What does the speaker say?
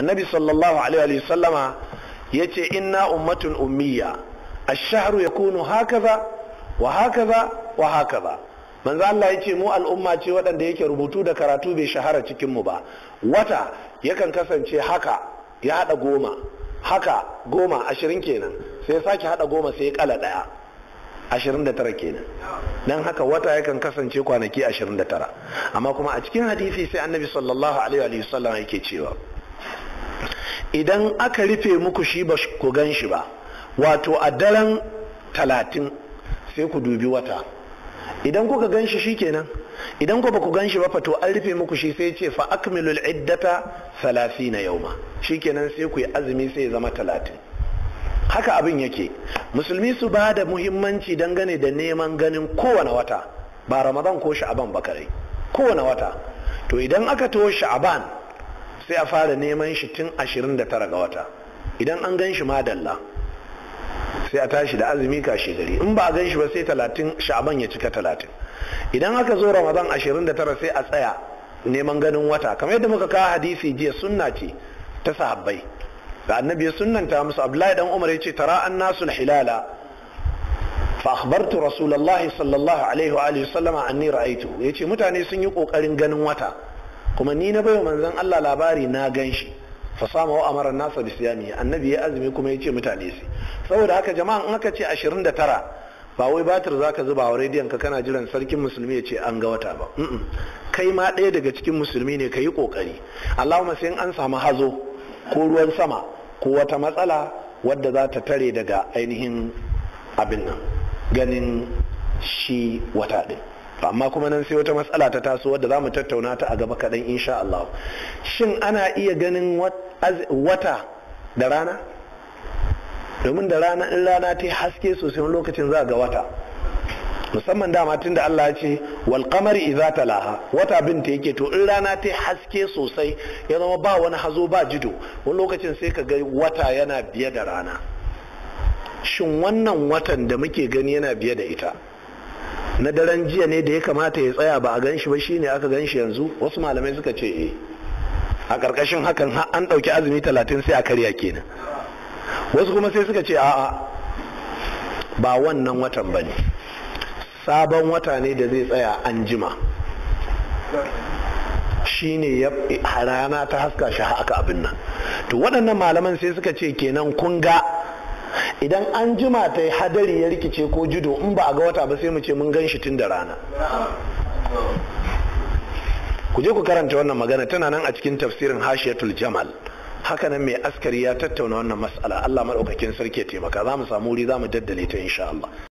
annabi sallallahu alaihi wa sallama yace inna ummatun ummiya a shahru haka hakaza wa hakaza wa haka hakaza manzo Allah ce mu al'umma ce waɗanda yake rubutu da karatu bai shahara cikin mu ba wata yakan kasance haka ya hada goma haka goma ashirin kenan sai sake hada goma sai kala daya ashirin da tara kenan don haka wata yakan kasance kwanaki ashirin da tara amma kuma a cikin hadisi sai annabi sallallahu alaihi wa sallam yake cewa idan aka rufe muku shi ba ku gan shi ba wato a daren talatin sai ku dubi wata idan kuka gan shi shikenan idan ku ba ku gan shi ba fato an rufe muku shi sai ce fa akmilul iddata salasina yauma shikenan sai ku yi azumi sai zama talatin haka abin yake musulmi su ba da muhimmanci dangane da neman ganin kowane wata ba ramadan ko sha'aban ba kare kowane wata to idan aka to sha'aban sai a fara neman shi tun 29 ga wata idan an gan shi madalla sai a tashi da azumi kashe gari in ba a gan shi ba sai 30 sha'aban ya cika talatin, idan aka zo ramadan tara sai a tsaya neman ganin wata kamar yadda muka kawo hadisi jiya sunna ce ta sahabbai da annabi ya sunnanta musu abdullahi dan umar ya ce tara annasul hilala fa akhbartu rasulullahi sallallahu alaihi wa alihi sallama anni ra'aytu yace mutane sun yi kokarin ganin wata kuma ni na baiwa manzon Allah labari na gan shi fa sama wa amara nasa bi siyami annabi ya azumi kuma ya ce mutane su saboda haka jama'an in aka ce 29 ba wai batir zaka zuba wa rediyon ka kana jiran sarkin musulmi ya ce an ga wata ba kai ma ɗaya daga cikin musulmi ne ka yi ƙoƙari allahumma sai an samu hazo ko ruwan sama ko wata matsala wadda za ta tare daga ainihin abin nan ganin shi wata ɗin amma kuma nan sai wata matsala ta taso wadda za mu tattauna ta a gaba kaɗan insha Allah shin ana iya ganin wata da rana domin da rana in rana ta haske sosai wani lokacin za ga wata musamman dama tun da Allah ya ce wal qamari idza talaha wata binta ta yake to in rana ta haske sosai ya zama ba wani hazo ba jido wani lokacin sai ka ga wata yana biye da rana shin wannan watan da muke gani yana biye da ita na daren jiya ne da ya kamata ya tsaya ba a gan shi ba shi ne aka gan shi yanzu wasu malamai suka ce e a ƙarƙashin hakan an ɗauki azumi talatin sai a karya kenan wasu kuma sai suka ce a'a ba wannan watan ba ne sabon wata ne da zai tsaya an jima shi ne rana ta haska shi haka abin nan to waɗannan malaman sai suka ce kenan kun ga idan an jima ta hadari ya rikice ko judo in ba a ga wata ba sai mu ce mun gan shi tun da rana ku je ku karanta wannan magana tana nan a cikin tafsirin hashiyatul jamal haka nan mai askari ya tattauna wannan mas'ala Allah madaukakin sarki ya taimaka za mu samu wuri za mu daddale ta insha Allah